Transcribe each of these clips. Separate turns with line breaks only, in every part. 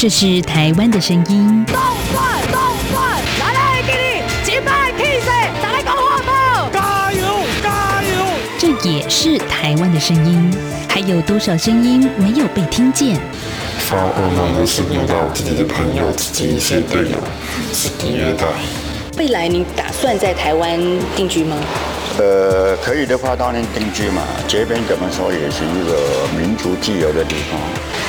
這是台灣的聲音。動轉動轉，來來給你，打火炮，加油加油！這也是台灣的聲音，還有多少聲音沒有被聽見？未來你打算在台灣定居嗎？呃，可以的話當然定居嘛，這邊怎麼說也是一個民族自由的地方。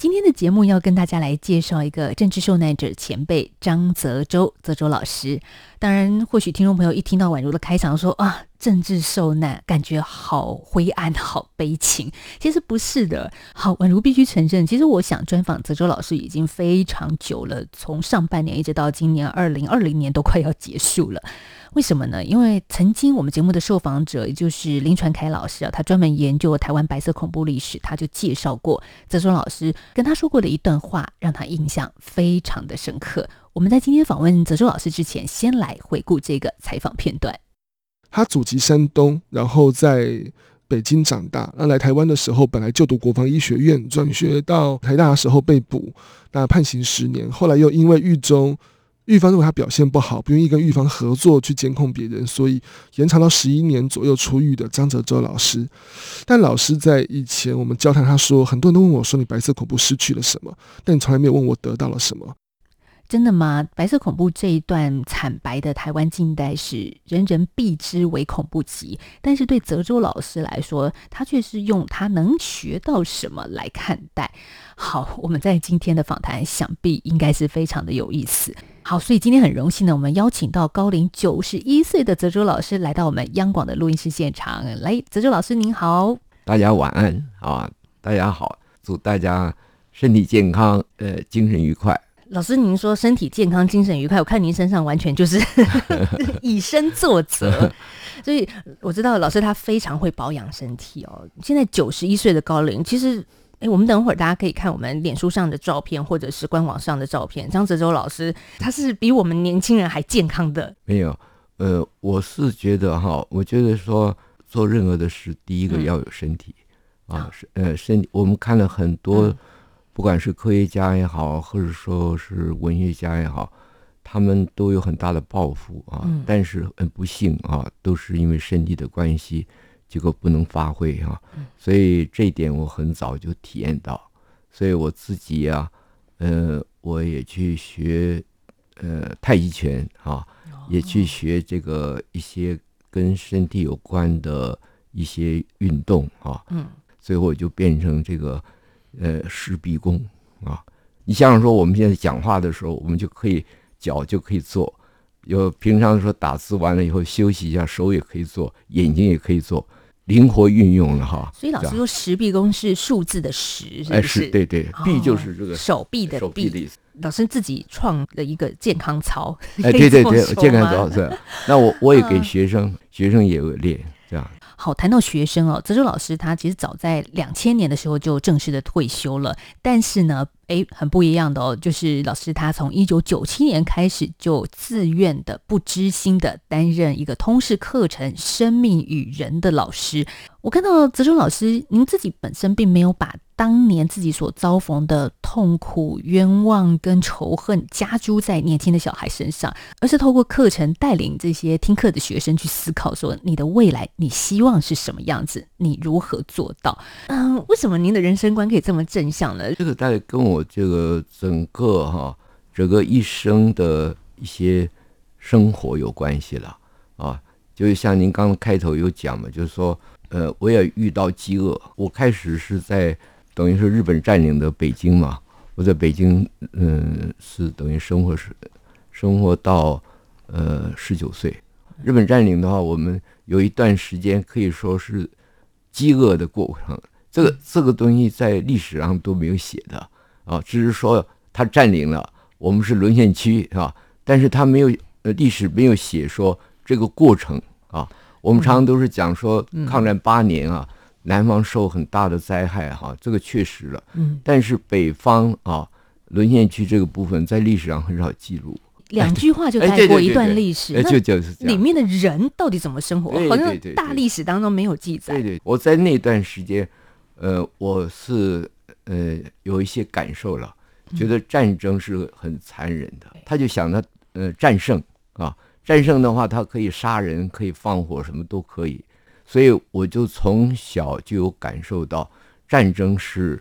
今天的節目要跟大家來介紹一個政治受難者前輩張則周、則周老師。當然，或許聽眾朋友一聽到宛如的開場說，說啊，政治受難，感覺好灰暗、好悲情。其實不是的。好，宛如必須承認，其實我想專訪則周老師已經非常久了，從上半年一直到今年二零二零年都快要結束了。為什麼呢？因為曾經我們節目的受訪者，也就是林傳凱老師啊，他專門研究台灣白色恐怖歷史，他就介紹過則周老師。跟他說過的一段話，讓他印象非常的深刻。我們在今天訪問則周老師之前，先來回顧這個採訪片
段。他祖籍山東，然後在北京長大。那來台灣的時候，本來就讀國防醫學院，轉學到台大的時候被捕，那判刑十年。後來又因為獄中。獄方如果他表現不好，不願意跟獄方合作去監控別人，所以延長到十一年左右出獄的張則周老師。但老師在以前我們交談，他說，很多人都問我說，你白色恐怖失去了什麼，但你從來沒有問我得到了什麼？
真的嗎？白色恐怖這一段慘白的台灣近代史，人人避之唯恐不及。但是對則周老師來說，他卻是用他能學到什麼來看待。好，我們在今天的訪談，想必應該是非常的有意思。好，所以今天很榮幸呢，我們邀請到高齡九十一歲的則周老師來到我們央廣的錄音室現場。來，則周老師您好，
大家晚安啊，大家好，祝大家身體健康，呃，精神愉快。
老師，您說身體健康、精神愉快，我看您身上完全就是 以身作則，所以我知道老師他非常會保養身體哦。現在九十一歲的高齡，其實哎、欸，我們等會兒大家可以看我們臉書上的照片，或者是官網上的照片，張則周老師他是比我們年輕人還健康的。
沒有，呃，我是覺得哈，我覺得說做任何的事，第一個要有身體、嗯、啊，是呃好，身體。我們看了很多、嗯。不管是科學家也好，或者說是文學家也好，他們都有很大的抱負啊。嗯。但是很不幸啊，都是因為身體的關係，結果不能發揮啊。所以這一點我很早就體驗到，所以我自己啊，呃，我也去學呃太極拳啊，也去學這個一些跟身體有關的一些運動啊。嗯。最後我就變成這個。呃，十臂功啊！你想想說，我們現在講話的時候，我們就可以腳就可以做；有平常說打字完了以後休息一下，手也可以做，眼睛也可以做，靈活運用了哈。所以老師
說十臂功是數字的十是不是？哎，是對對，臂就是這個、哦、手臂的手臂的意思。老師自己創了一個健康操，哎，對對對， 健康操操，
那我我也給學生，嗯、學生也練。
好，談到學生哦，則周老師他其實早在兩千年的時候就正式的退休了，但是呢，誒，很不一樣的哦，就是老師他從一九九七年開始就自願的、不知心的擔任一個通識課程《生命與人》的老師。我看到則周老師，您自己本身並沒有把。當年自己所遭逢的痛苦、冤枉跟仇恨，加諸在年輕的小孩身上，而是透過課程帶領這些聽課的學生去思考：說你的未來，你希望是什麼樣子？你如何做到？嗯，為什麼您的人生觀可以這麼正向呢？
這個大概跟我這個整個哈、啊、整個一生的一些生活有關係了啊。就是像您剛剛開頭有講嘛，就是說，呃，我也遇到飢餓，我開始是在。等於是日本佔領的北京嘛？我在北京，嗯，是等於生活是，生活到，呃，十九歲。日本佔領的話，我們有一段時間可以說是飢餓的過程。這個這個東西在歷史上都沒有寫的啊，只是說他佔領了，我們是淪陷區，是吧？但是他沒有，呃，歷史沒有寫說這個過程啊。我們常常都是講說抗戰八年啊。嗯嗯。南方受很大的災害、啊，哈，這個確實了。嗯，但是北方啊，淪陷區這個部分在歷史上很少記錄。兩句話就概括一段歷史，就就是裡
面的人到底怎麼生活，哎、對對對，好像大歷史當中沒有記載，對對對對。
對對，我在那段時間，呃，我是呃有一些感受了，覺得戰爭是很殘忍的。嗯、他就想着，呃，戰勝啊，戰勝的話，他可以殺人，可以放火，什麼都可以。所以我就從小就有感受到，戰爭是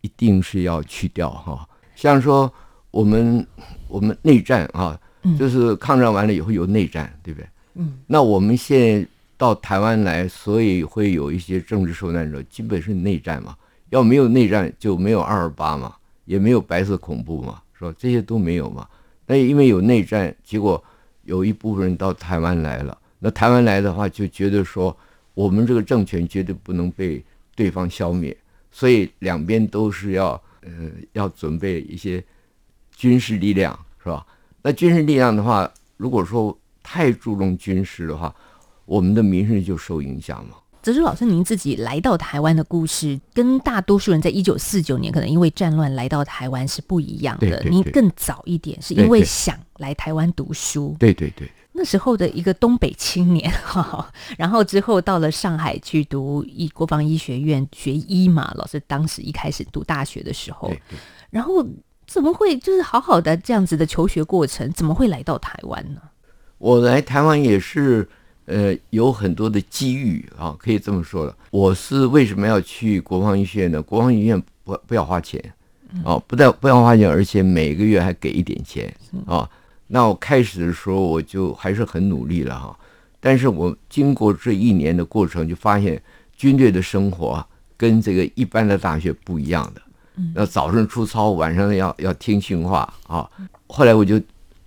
一定是要去掉哈、啊。像說我們我們內戰啊，就是抗戰完了以後有內戰，對不對？嗯。那我們現在到台灣來，所以會有一些政治受難者，基本是內戰嘛。要沒有內戰，就沒有二二八嘛，也沒有白色恐怖嘛，是吧？這些都沒有嘛。那因為有內戰，結果有一部分人到台灣來了。那台灣來的話，就覺得說。我們這個政權絕對不能被對方消滅，所以兩邊都是要，呃，要準備一些軍事力量，是吧？那軍事力量的話，如果說太注重軍事的話，我們的民生就受影響嘛。
則周老師，您自己來到台灣的故事，跟大多數人在一九四九年可能因為戰亂來到台灣是不一樣的。對對對。您更早一點，是因為想來台灣讀書。對對對，對。那時候的一個東北青年哈，然後之後到了上海去讀醫國防醫學院學醫嘛，老師當時一開始讀大學的時候，然後怎麼會就是好好的這樣子的求學過程，怎麼會來到台灣呢？
我來台灣也是，呃，有很多的機遇啊，可以這麼說的。我是為什麼要去國防醫學院呢？國防醫院不不要花錢，哦、啊，不但不要花錢，而且每個月還給一點錢、嗯、啊。那我開始的時候，我就還是很努力了哈、啊，但是我經過這一年的過程，就發現軍隊的生活跟這個一般的大學不一樣的。嗯，那早上出操，晚上要要聽訓話啊。後來我就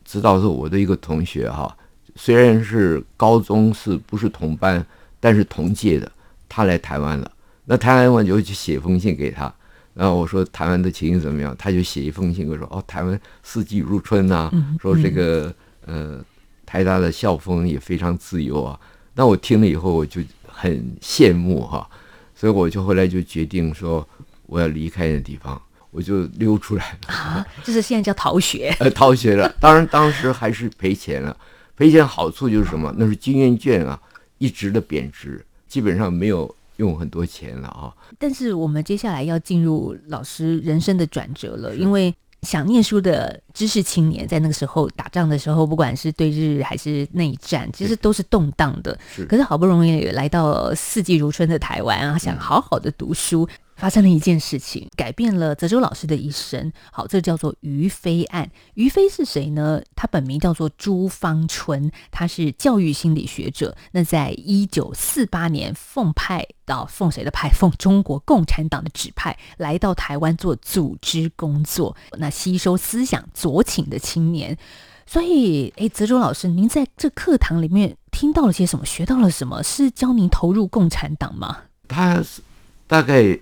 知道說我的一個同學哈、啊，雖然是高中是不是同班，但是同屆的，他來台灣了。那台灣我就去寫封信給他。然後我說台灣的情形怎麼樣？他就寫一封信給我說：“哦，台灣四季如春吶、啊，說這個呃，台大的校風也非常自由啊。”那我聽了以後，我就很羨慕哈、啊，所以我就後來就決定說我要離開那地方，我就溜出來了啊，
就是現在叫逃學呃，
逃學了。當然當時還是賠錢了， 賠錢好處就是什麼？那是金圓券啊，一直的貶值，基本上沒有。用很多錢了啊、
哦！但是我們接下來要進入老師人生的轉折了，是因為想念書的知識青年在那個時候打仗的時候，不管是對日還是內戰，其實都是動盪的。是可是好不容易來到四季如春的台灣啊，嗯、想好好的讀書。發生了一件事情，改變了則周老師的一生。好，這個、叫做於非案。於非是誰呢？他本名叫做朱芳春，他是教育心理學者。那在一九四八年，奉派到、哦、奉誰的派？奉中國共產黨的指派，來到台灣做組織工作，那吸收思想左傾的青年。所以，誒，則周老師，您在這課堂裡面聽到了些什麼？學到了什麼？是教您投入共產黨嗎？
他大概。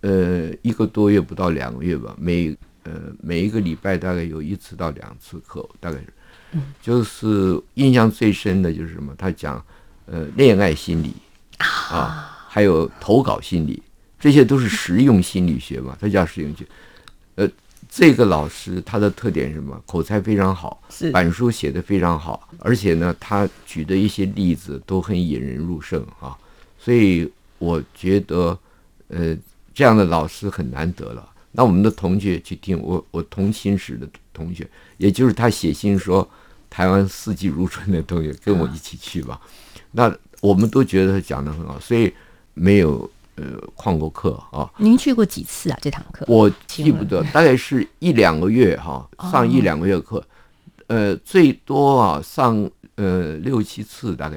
呃，一個多月不到兩個月吧，每呃每一個禮拜大概有一次到兩次課，大概是，就是印象最深的就是什麼？他講，呃，戀愛心理啊，還有投稿心理，這些都是實用心理學嘛，他叫實用學。呃，這個老師他的特點是什麼？口才非常好，是板書寫得非常好，而且呢，他舉的一些例子都很引人入勝啊，所以我覺得，呃。這樣的老師很難得了。那我們的同學去聽我，我同寢室的同學，也就是他寫信說台灣四季如春的同學，跟我一起去吧。嗯、那我們都覺得他講的很好，所以沒有呃曠過課啊。
您去過幾次啊？這堂課？我記不得，
大概是一兩個月哈、啊，上一兩個月課，嗯、呃，最多啊上呃六七次大概，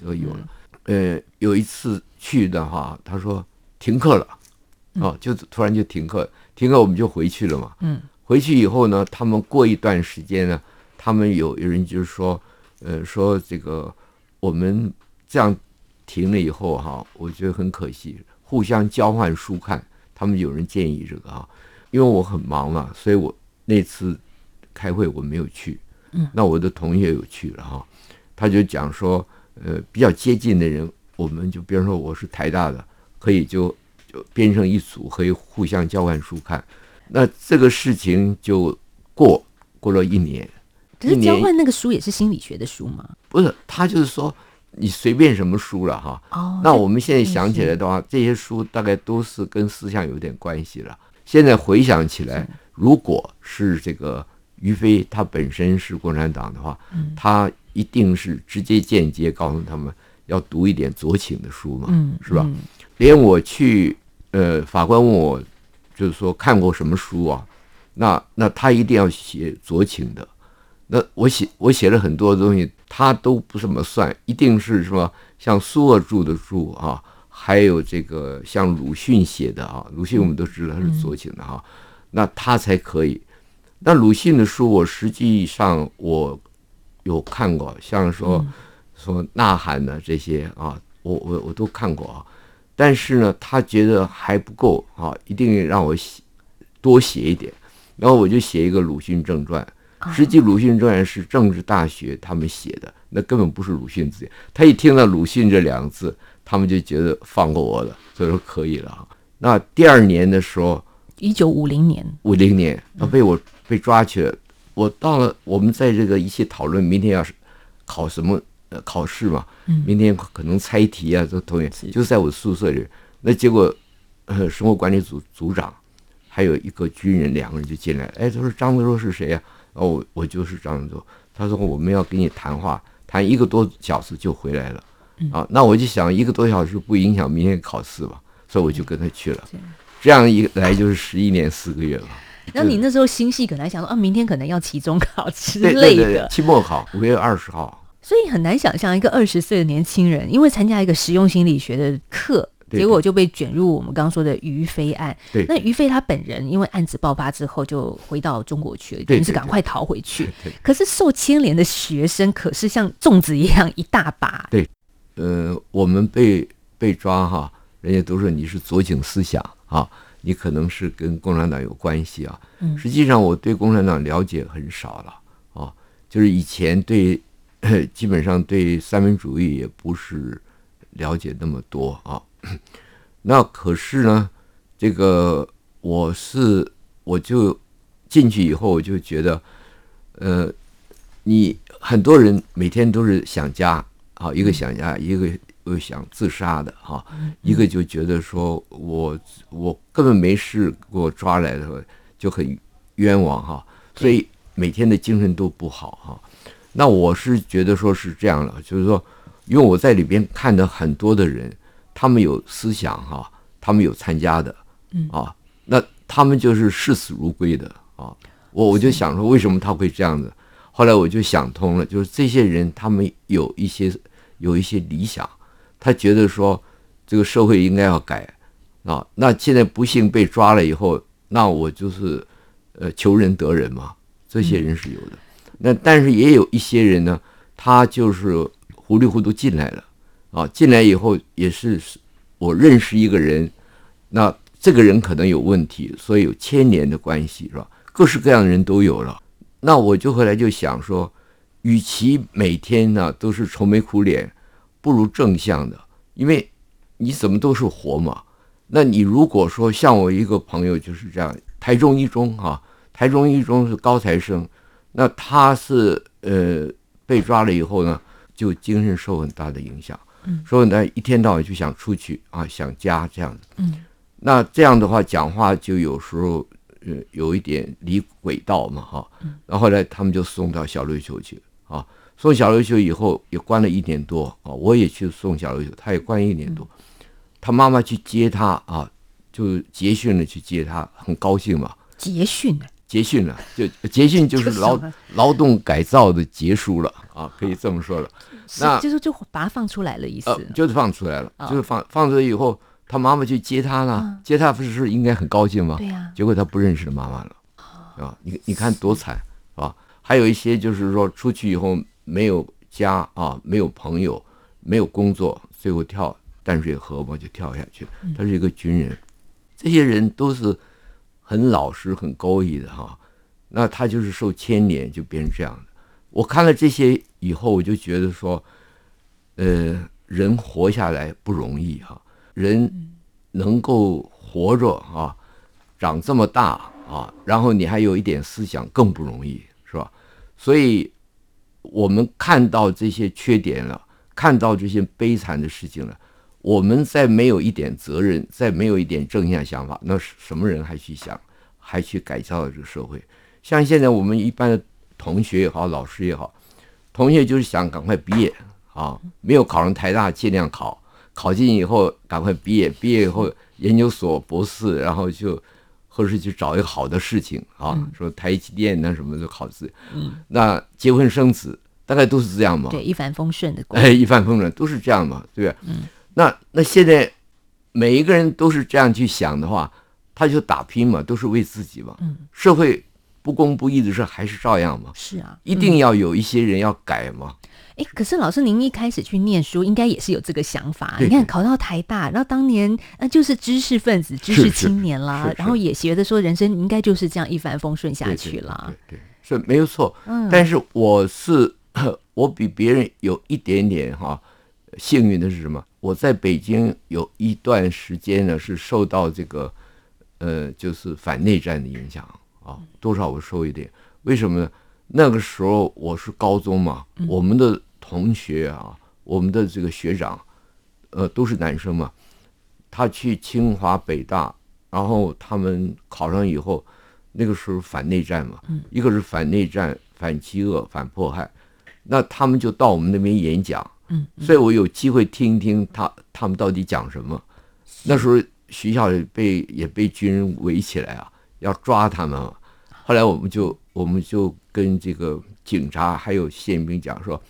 所以我嗯有。嗯呃，有一次去的話，他說停課了。哦，就突然就停課，停課我們就回去了嘛。嗯，回去以後呢，他們過一段時間呢，他們有有人就是說，呃，說這個我們這樣停了以後哈，我覺得很可惜，互相交換書看。他們有人建議這個啊，因為我很忙嘛，所以我那次開會我沒有去。嗯，那我的同學有去了哈，他就講說，呃，比較接近的人，我們就比如說我是台大的，可以就。變成一組可以互相交換書看，那這個事情就過過了一年。可是交換那
個書也是心理學的書嗎？
不是，他就是說你隨便什麼書了哈。哦、那我們現在想起來的話，對這些書大概都是跟思想有點關係了。現在回想起來，的如果是這個於非他本身是共產黨的話，嗯、他一定是直接間接告訴他們要讀一點左傾的書嘛，嗯、是吧？嗯、連我去。呃，法官問我，就是說看過什麼書啊？那那他一定要寫左傾的。那我寫我寫了很多東西，他都不怎麼算，一定是說像蘇俄著的著啊，還有這個像魯迅寫的啊，魯迅我們都知道他是左傾的啊，那他才可以。那魯迅的書我實際上我有看過，像說說吶喊的這些啊，我我我都看過啊。但是呢，他覺得還不夠啊，一定讓我寫多寫一點。然後我就寫一個魯迅正傳，實際魯迅正傳是政治大學他們寫的，嗯、那根本不是魯迅自己。他一聽到魯迅這兩個字，他們就覺得放過我了，所以說可以了啊。那第二年的時候，
一九五零年，
五零年，他被我被抓去了。嗯、我到了，我們在這個一起討論明天要考什麼。考試嘛，明天可能猜題啊，都、嗯、同學就在我宿舍裡，那結果，呃，生活管理組組長，還有一個軍人，兩個人就進來，哎，他說張則周是誰啊？哦，我，我就是張則周。他說我們要跟你談話，談一個多小時就回來了。嗯、啊，那我就想一個多小時不影響明天考試吧，嗯、所以我就跟他去了。對這樣一來就是十一年四個月了。啊、就那你
那時候心細，可能還想說啊，明天可能要期中考之類的，對對
期末考五月二十號。
所以很難想象一個二十歲的年輕人，因為參加一個實用心理學的課，對對結果就被捲入我們剛剛說的於飛案於非案。對對，那於非他本人因為案子爆發之後就回到中國去了，於是趕快逃回去。對對對，可是受牽連的學生可是像粽子一樣一大把。對、
對，呃，我們被被抓哈、啊，人家都說你是左傾思想啊，你可能是跟共產黨有關係啊。嗯、實際上我對共產黨了解很少了啊，就是以前對。基本上對三民主義也不是了解那麼多啊。那可是呢，這個我是我就進去以後我就覺得，呃，你很多人每天都是想家啊，一個想家，嗯、一個又想自殺的哈，一個就覺得說我我根本沒事給我抓來的，就很冤枉哈、啊，所以每天的精神都不好哈、啊。那我是覺得說是這樣的，就是說，因為我在裡邊看的很多的人，他們有思想哈、啊，他們有參加的，啊，嗯、那他們就是視死如歸的啊。我我就想說，為什麼他會這樣子？行後來我就想通了，就是這些人他們有一些有一些理想，他覺得說這個社會應該要改啊。那現在不幸被抓了以後，那我就是呃求仁得仁嘛，這些人是有的。嗯那但是也有一些人呢，他就是糊裡糊塗進來了，啊，進來以後也是我認識一個人，那這個人可能有問題，所以有牽連的關係是吧？各式各樣的人都有了。那我就後來就想說，與其每天呢都是愁眉苦臉，不如正向的，因為你怎麼都是活嘛。那你如果說像我一個朋友就是這樣，台中一中啊，台中一中是高材生。那他是呃被抓了以後呢，就精神受很大的影響，嗯，所以呢一天到晚就想出去啊，想家這樣子，嗯，那這樣的話講話就有時候呃有一點離軌道嘛哈，嗯、啊，然後呢他們就送到小琉球去啊，送小琉球以後也關了一年多啊，我也去送小琉球，他也關一年多，嗯、他媽媽去接他啊，就結訓了去接他，很高興嘛，結訓。結訓了，就結訓就是勞勞動改造的結束了啊，可以這麼說了。 是 那就是
就把他放出來了，意思，哦呃、就
是放出來了，就是放放出來以後，他媽媽去接他了，哦、接他不是應該很高興嗎？嗯、結果他不認識他媽媽了對啊！你你看多慘啊！還有一些就是說出去以後沒有家啊，沒有朋友，沒有工作，最後跳淡水河嘛就跳下去。嗯、他是一個軍人，這些人都是。很老實、很高義的哈，那他就是受牽連，就變成這樣的。我看了這些以後，我就覺得說，呃，人活下來不容易哈，人能夠活着啊，長這麼大啊，然後你還有一點思想，更不容易是吧？所以，我們看到這些缺點了，看到這些悲慘的事情了。我們再沒有一點責任，再沒有一點正向想法，那什麼人還去想，還去改造這個社會？像現在我們一般的同學也好，老師也好，同學就是想趕快畢業啊，沒有考上台大，盡量考，考進以後趕快畢業，畢業以後研究所博士，然後就或者是去找一個好的事情啊，嗯、說台積電那什麼都考試。嗯、那結婚生子大概都是這樣嘛？對、嗯，一帆風順的。哎，一帆風順都是這樣嘛？對。那那現在，每一個人都是這樣去想的話，他就打拼嘛，都是為自己嘛。嗯，社會不公不義的事還是照樣
嘛。是啊，嗯、一定要
有一些人要改嘛。
哎，可是老師，您一開始去念書，應該也是有這個想法。對對你看，考到台大，那當年那、呃、就是知識分子、知識青年啦，是是是是然後也學得說，人生應該就是這樣一帆風順下去了。對，對，
對，對，是沒有錯。嗯，但是我是、嗯、我比別人有一點點哈幸運的是什麼？我在北京有一段時間呢，是受到這個，呃，就是反內戰的影響啊，哦，多少我受一點。為什麼呢？那個時候我是高中嘛，我們的同學啊，我們的這個學長，呃，都是男生嘛，他去清華、北大，然後他們考上以後，那個時候反內戰嘛，一個是反內戰、反飢餓、反迫害，那他們就到我們那邊演講。所以我有機會聽一聽他他們到底講什麼。那時候學校也被也被軍人圍起來啊，要抓他們。後來我們就我們就跟這個警察還有憲兵講說：“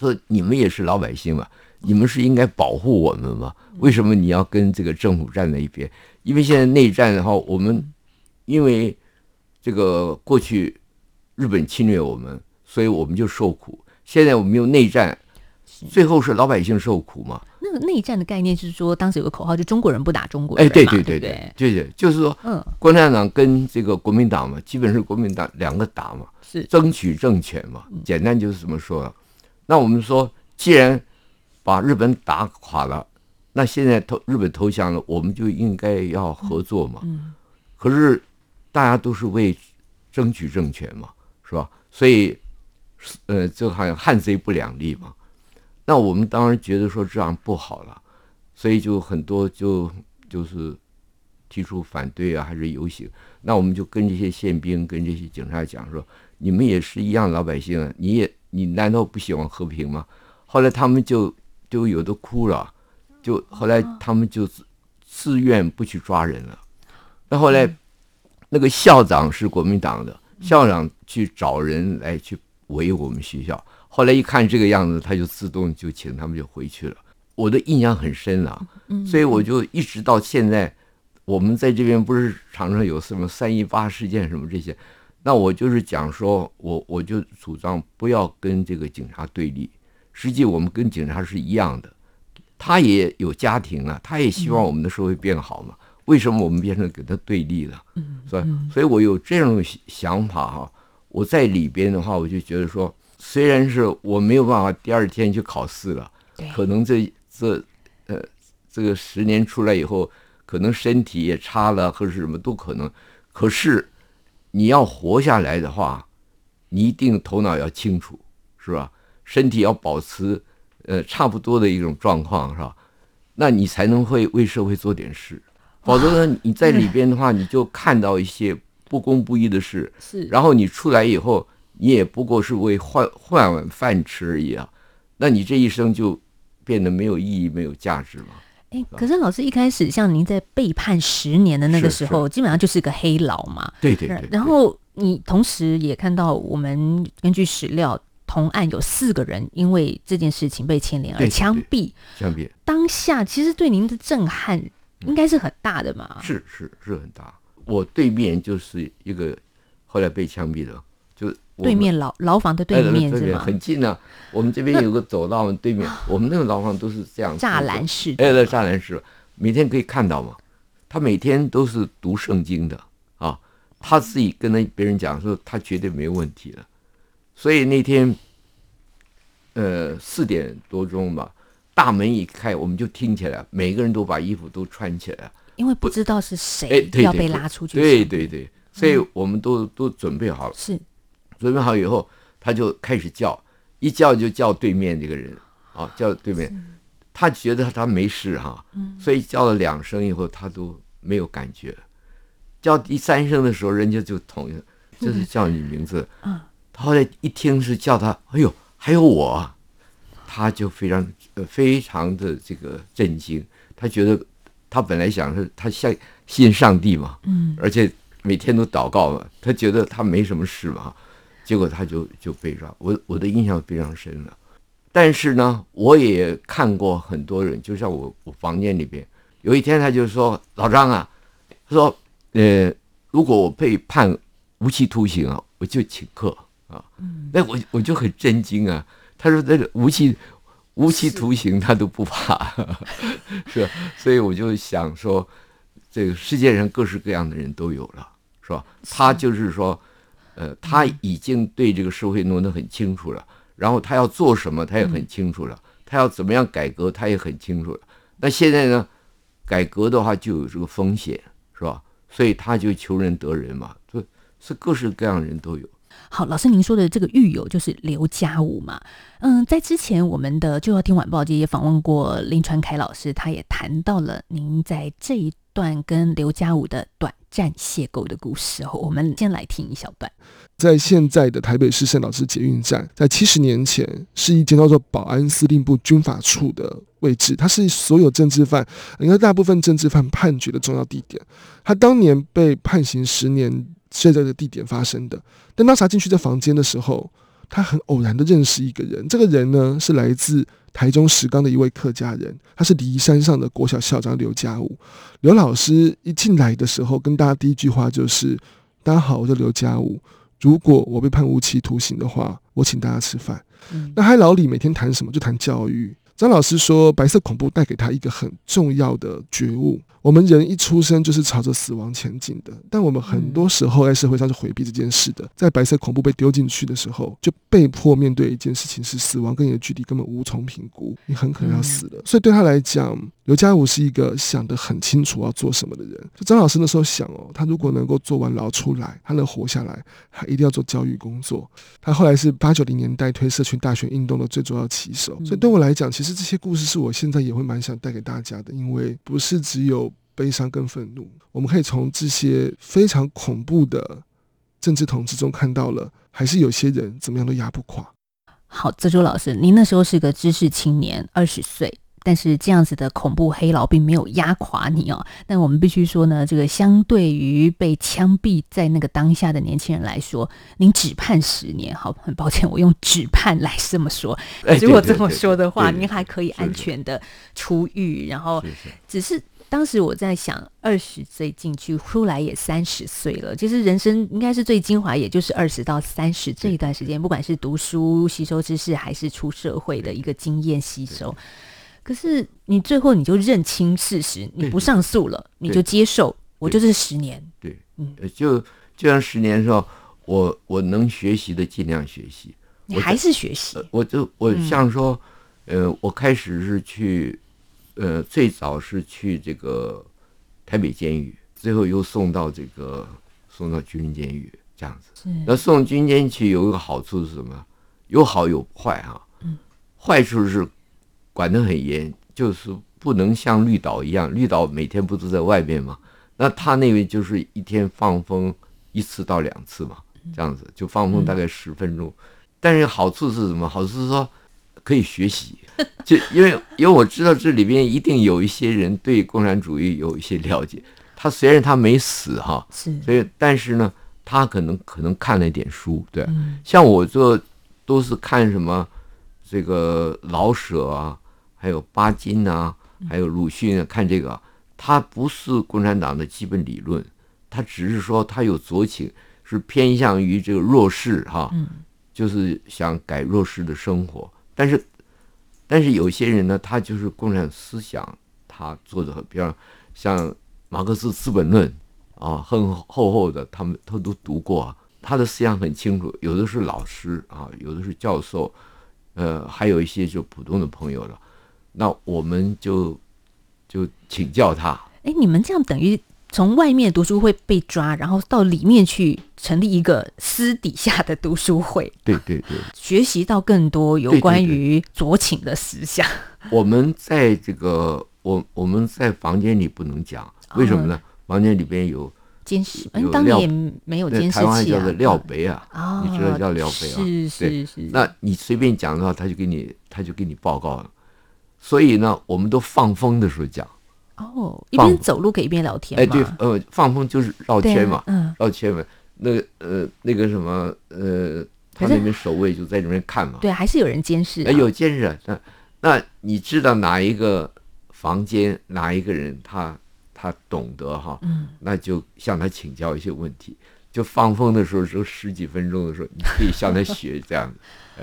說你們也是老百姓嘛，你們是應該保護我們嘛？為什麼你要跟這個政府站在一邊？因為現在內戰的話，我們因為這個過去日本侵略我們，所以我們就受苦。現在我們用內戰。”最後是老百姓受苦嘛？
那個內戰的概念就是說，當時有個口號就中國人不打中國人。哎，對對對對，對，
對對，對，就是說，嗯，共產黨跟這個國民黨嘛，基本是國民黨兩個打嘛，是爭取政權嘛。簡單就是怎麼說呢？那我們說，既然把日本打垮了，那現在投日本投降了，我們就應該要合作嘛。嗯。可是大家都是為爭取政權嘛，是吧？所以，呃，就好像漢賊不兩立嘛。那我們當然覺得說這樣不好了，所以就很多就就是提出反對啊，還是遊行。那我們就跟這些憲兵、跟這些警察講說：“你們也是一樣的老百姓啊，你也你難道不喜歡和平嗎？”後來他們就就有的哭了，就後來他們就自自願不去抓人了。那後來那個校長是國民黨的校長，去找人來去圍我們學校。後來一看這個樣子，他就自動就請他們就回去了。我的印象很深啊，所以我就一直到現在，我們在這邊不是常常有什麼三一八事件什麼這些，那我就是講說，我我就主張不要跟這個警察對立。實際我們跟警察是一樣的，他也有家庭啊，他也希望我們的社會變好嘛。為什麼我們變成跟他對立了？嗯，所以所以我有這種想法哈啊。我在裡邊的話，我就覺得說。雖然是我沒有辦法第二天去考試了，對可能這這，呃，這個十年出來以後，可能身體也差了，或者什麼都可能。可是，你要活下來的話，你一定頭腦要清楚，是吧？身體要保持，呃，差不多的一種狀況，是吧？那你才能會為社會做點事，哇否則呢，你在裡邊的話，是你就看到一些不公不義的事，是，然後你出來以後。你也不過是為換換碗飯吃而已啊，那你這一生就變得沒有意義、沒有價值嗎？
哎，可是老師一開始像您在被判十年的那個時候，是是基本上就是一個黑牢嘛。對對對，對。然後你同時也看到，我們根據史料，同案有四個人因為這件事情被牽連而槍斃。對
對對槍斃。
當下其實對您的震撼應該是很大的嘛。嗯、是
是是很大，我對面就是一個後來被槍斃的。就對面牢，牢房的對面是嗎？很近呢、啊。我們這邊有個走道，那對面我們那個牢房都是這樣，柵欄式。哎，柵欄式，每天可以看到嘛。他每天都是讀聖經的啊。他自己跟那別人講說，他絕對沒問題了。嗯、所以那天，呃，四點多鐘吧，大門一開，我們就聽起來，每個人都把衣服都穿起來，
因為不知道是誰要被拉出去。對對
對，所以我們都、嗯、都準備好了。是。準備好以後，他就開始叫，一叫就叫對面這個人，啊，叫對面，的他覺得他沒事哈、啊，嗯、所以叫了兩聲以後，他都沒有感覺。叫第三聲的時候，人家就同意，就是叫你名字。嗯對，他後來一聽是叫他，對哎呦，還有我，他就非常、呃、非常的這個震驚，他覺得他本來想是他相信上帝嘛，嗯，而且每天都禱告嘛，他覺得他沒什麼事嘛。結果他就就被抓，我我的印象非常深了。但是呢，我也看過很多人，就像我我房間裡邊，有一天他就說：“老張啊，他說呃，如果我被判無期徒刑啊，我就請客啊。”那我我就很震驚啊。他說：“這個無期無期徒刑他都不怕。”是， 是，所以我就想說，這個世界上各式各樣的人都有了，是吧？他就是說。嗯、呃，他已經對這個社會弄得很清楚了，然後他要做什麼，他也很清楚了，嗯、他要怎麼樣改革，他也很清楚了。那現在呢，改革的話就有這個風險，是吧？所以他就求仁得仁嘛，就是各式各樣的人都有。
好，老師您說的這個獄友就是劉家武嘛？嗯，在之前我們的《就要聽晚報》這也訪問過林傳凱老師，他也談到了您在這一。段跟劉家武的短暫邂逅的故事哦，我們先來聽一小段。
在現在的台北市善導寺捷運站，在七十年前是一間叫做保安司令部軍法處的位置，它是所有政治犯，應該大部分政治犯判決的重要地點。他當年被判刑十年，現在的地點發生的。但當他進去這房間的時候，他很偶然的認識一個人，這個人呢是來自。台中石岡的一位客家人，他是梨山上的國小校長劉家武。劉老師一進來的時候，跟大家第一句話就是：“大家好，我叫劉家武。如果我被判無期徒刑的話，我請大家吃飯。嗯”那還老李每天談什麼？就談教育。張老師說：“白色恐怖帶給他一個很重要的覺悟，我們人一出生就是朝着死亡前進的，但我們很多時候在社會上是回避這件事的。在白色恐怖被丟進去的時候，就被迫面對一件事情，是死亡跟你的距離根本無從評估，你很可能要死了。所以對他來講，劉嘉武是一個想得很清楚要做什麼的人。就張老師那時候想哦，他如果能夠做完牢出來，他能活下來，他一定要做教育工作。他後來是八九零年代推社群大學運動的最重要旗手。所以對我來講，其實。”這些故事是我現在也會蠻想帶給大家的，因為不是只有悲傷跟憤怒，我們可以從這些非常恐怖的政治統治中看到了，還是有些人怎麼樣都壓不垮。
好，則周老師，您那時候是個知識青年，二十歲。但是這樣子的恐怖黑牢並沒有壓垮你哦。那我們必須說呢，這個相對於被槍斃在那個當下的年輕人來說，您只判十年。好，很抱歉，我用“只判”來這麼說。如果這麼說的話，您還可以安全的出獄。對對對，然後，是是是，只是當時我在想，二十歲進去，出來也三十歲了。其、就、實、是、人生應該是最精華，也就是二十到三十這一段時間，對對對對對，不管是讀書吸收知識，還是出社會的一個經驗吸收。對對對對可是你最後你就認清事實，你不上訴了，對對對，你就接受，對對對，我就是十年。
對，對嗯，就就像十年時候，我我能學習的盡量學習，你還是學習。我就我像說，嗯、呃，我開始是去，呃，最早是去這個台北監獄，最後又送到這個送到軍人監獄這樣子。是那送軍監獄有一個好處是什麼？有好有壞啊。嗯。壞處是。管得很嚴，就是不能像綠島一樣，綠島每天不都在外面嗎？那他那位就是一天放風一次到兩次嘛，這樣子就放風大概十分鐘。嗯、但是好處是什麼？好處是說可以學習，就因為因為我知道這裡邊一定有一些人對共產主義有一些了解，他雖然他沒死哈、啊，是所以但是呢，他可能可能看了一點書，對，嗯、像我這都是看什麼這個老舍啊。還有巴金吶、啊，還有魯迅啊，看這個，他不是共產黨的基本理論，他只是說他有左傾，是偏向於這個弱勢哈、啊，就是想改弱勢的生活。但是，但是有些人呢，他就是共產思想，他做的很，比方像馬克思《資本論》啊，很厚厚的，他們他都讀過、啊，他的思想很清楚。有的是老師啊，有的是教授，呃，還有一些就普通的朋友了。那我們就就請教他。
哎，欸，你們這樣等於從外面的讀書會被抓，然後到裡面去成立一個私底下的讀書會。
對對對，
學習到更多有關於酌情的思想對
對對。我們在這個我我們在房間裡不能講，為什麼呢？嗯，房間裡邊有
監視，實有料，嗯，當年也沒有監視器啊？台灣叫做料杯啊？啊，你知道叫料杯啊？哦，對是是是。那
你隨便講的話，他就給你，他就給你報告了。所以呢，我們都放風的時候講，哦，一邊走路可以一邊聊天，哎，對，呃，放風就是繞圈嘛，繞、啊嗯、圈嘛。那個呃，那個什麼，呃，是他那邊守衛就在那邊看嘛。對，還
是有人監視、啊。哎，有
監視。那那你知道哪一個房間哪一個人他，他他懂得哈？嗯，那就向他請教一些問題。嗯、就放風的時候，就十幾分鐘的時候，你可以向他學這樣的。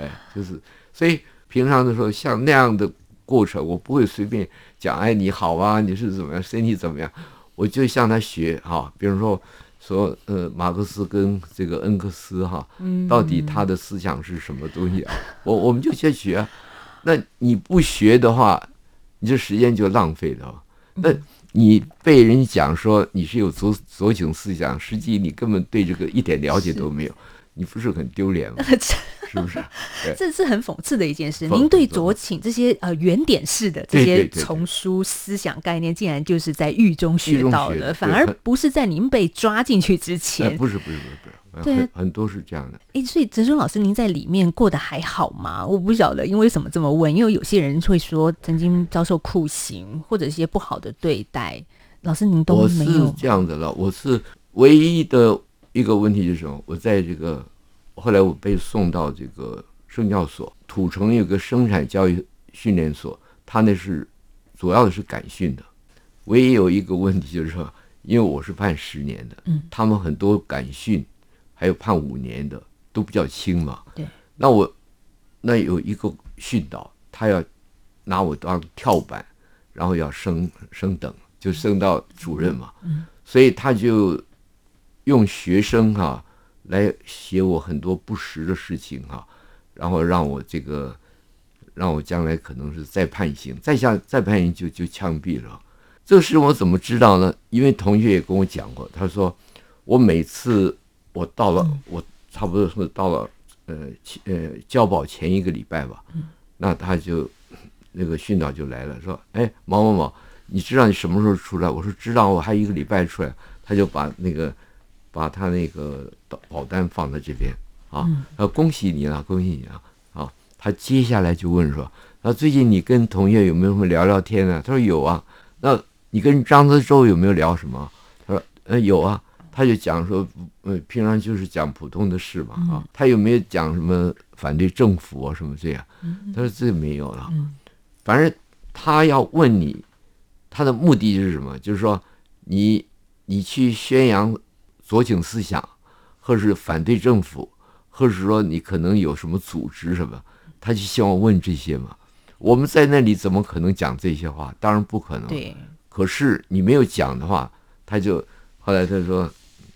哎，就是，所以平常的時候像那樣的。過程我不會隨便講，哎，你好啊，你是怎麼樣，身體怎麼樣？我就向他學哈、啊，比如說說呃，馬克思跟這個恩格斯哈，到底他的思想是什麼東西啊？嗯、我我們就先學，那你不學的話，你這時間就浪費了。那你被人講說你是有左左傾思想，實際你根本對這個一點了解都沒有。你不是很丟臉嗎？
是
不是？這是很諷刺的一件事。您對酌情這些呃原點式的這些叢書思想概念，竟然就是在獄中學到的，對對對對，反而不是在您被抓進去之前。不是
不是不是，不對、啊，很多是這樣的。
哎、欸，所以則周老師，您在裡面過得還好嗎？我不曉得，因為什麼這麼問，因為有些人會說曾經遭受酷刑或者一些不好的對待。老師，您都沒有我是
這樣子的了，我是唯一的。一個問題就是什麼？我在這個後來我被送到這個生教所，土城有個生產教育訓練所，他那是主要的是感訓的。我也有一個問題就是說，因為我是判十年的，他們很多感訓，還有判五年的都比較輕嘛，對。那我那有一個訓導，他要拿我當跳板，然後要升升等，就升到主任嘛，所以他就。用學生哈、啊、來寫我很多不實的事情哈、啊，然後讓我這個讓我將來可能是再判刑，再下再判刑就就槍斃了。這個、事我怎麼知道呢？因為同學也跟我講過，他說我每次我到了，嗯、我差不多是到了呃呃交保前一個禮拜吧，嗯、那他就那個訓導就來了，說哎，某某某，你知道你什麼時候出來？我說知道，我還有一個禮拜出來。他就把那個。把他那個保單放在這邊啊！啊，嗯、他恭喜你了，恭喜你啊！啊，他接下來就問說：“那最近你跟同學有沒有什麼聊聊天呢、啊？”他說：“有啊。”“那你跟張則周有沒有聊什麼？”他說：“呃，有啊。”他就講說：“呃，平常就是講普通的事嘛、嗯、啊。”他有沒有講什麼反對政府啊什麼這樣？他說：“這沒有了。嗯”反正他要問你，他的目的就是什麼？就是說你你去宣揚。左傾思想，或是反對政府，或是說你可能有什麼組織什麼，他就希望問這些嘛。我們在那裡怎麼可能講這些話？當然不可能。對。可是你沒有講的話，他就後來他說：“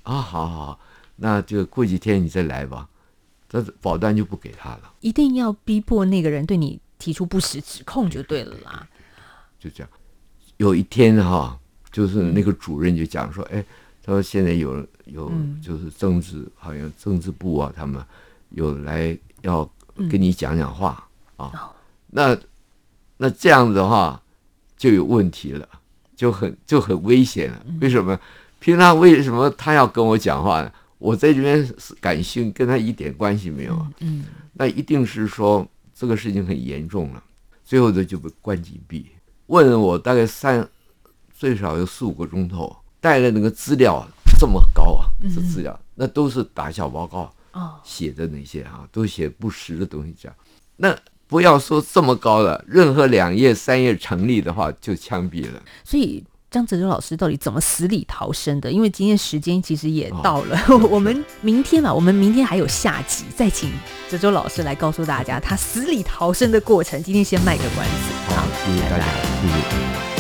啊、哦，好好，好，那就過幾天你再來吧。”這保單就不給他了。
一定要逼迫那個人對你提出不實指控就對了啦，對對對
對。就這樣。有一天哈、哦，就是那個主任就講說：“嗯、哎，他說現在有人。”有就是政治，好像政治部啊，他們有來要跟你講講話啊。那那這樣子的話，就有問題了，就很就很危險了。為什麼？平常為什麼他要跟我講話呢？我在這邊是感性，跟他一點關係沒有。嗯，那一定是說這個事情很嚴重了。最後的就被關禁閉，問了我大概三最少有四五個鐘頭，帶的那個資料。這麼高啊！這資料、嗯、哼那都是打小報告啊，哦、寫的那些啊，都寫不實的東西。這樣，那不要說這麼高了，任何兩頁三頁成立的話，就槍斃了。
所以張則周老師到底怎麼死裡逃生的？因為今天時間其實也到了，哦、 我們明天吧，我們明天還有下集，再請則周老師來告訴大家他死裡逃生的過程。今天先賣個關子，
好，好謝謝大家，拜拜謝謝。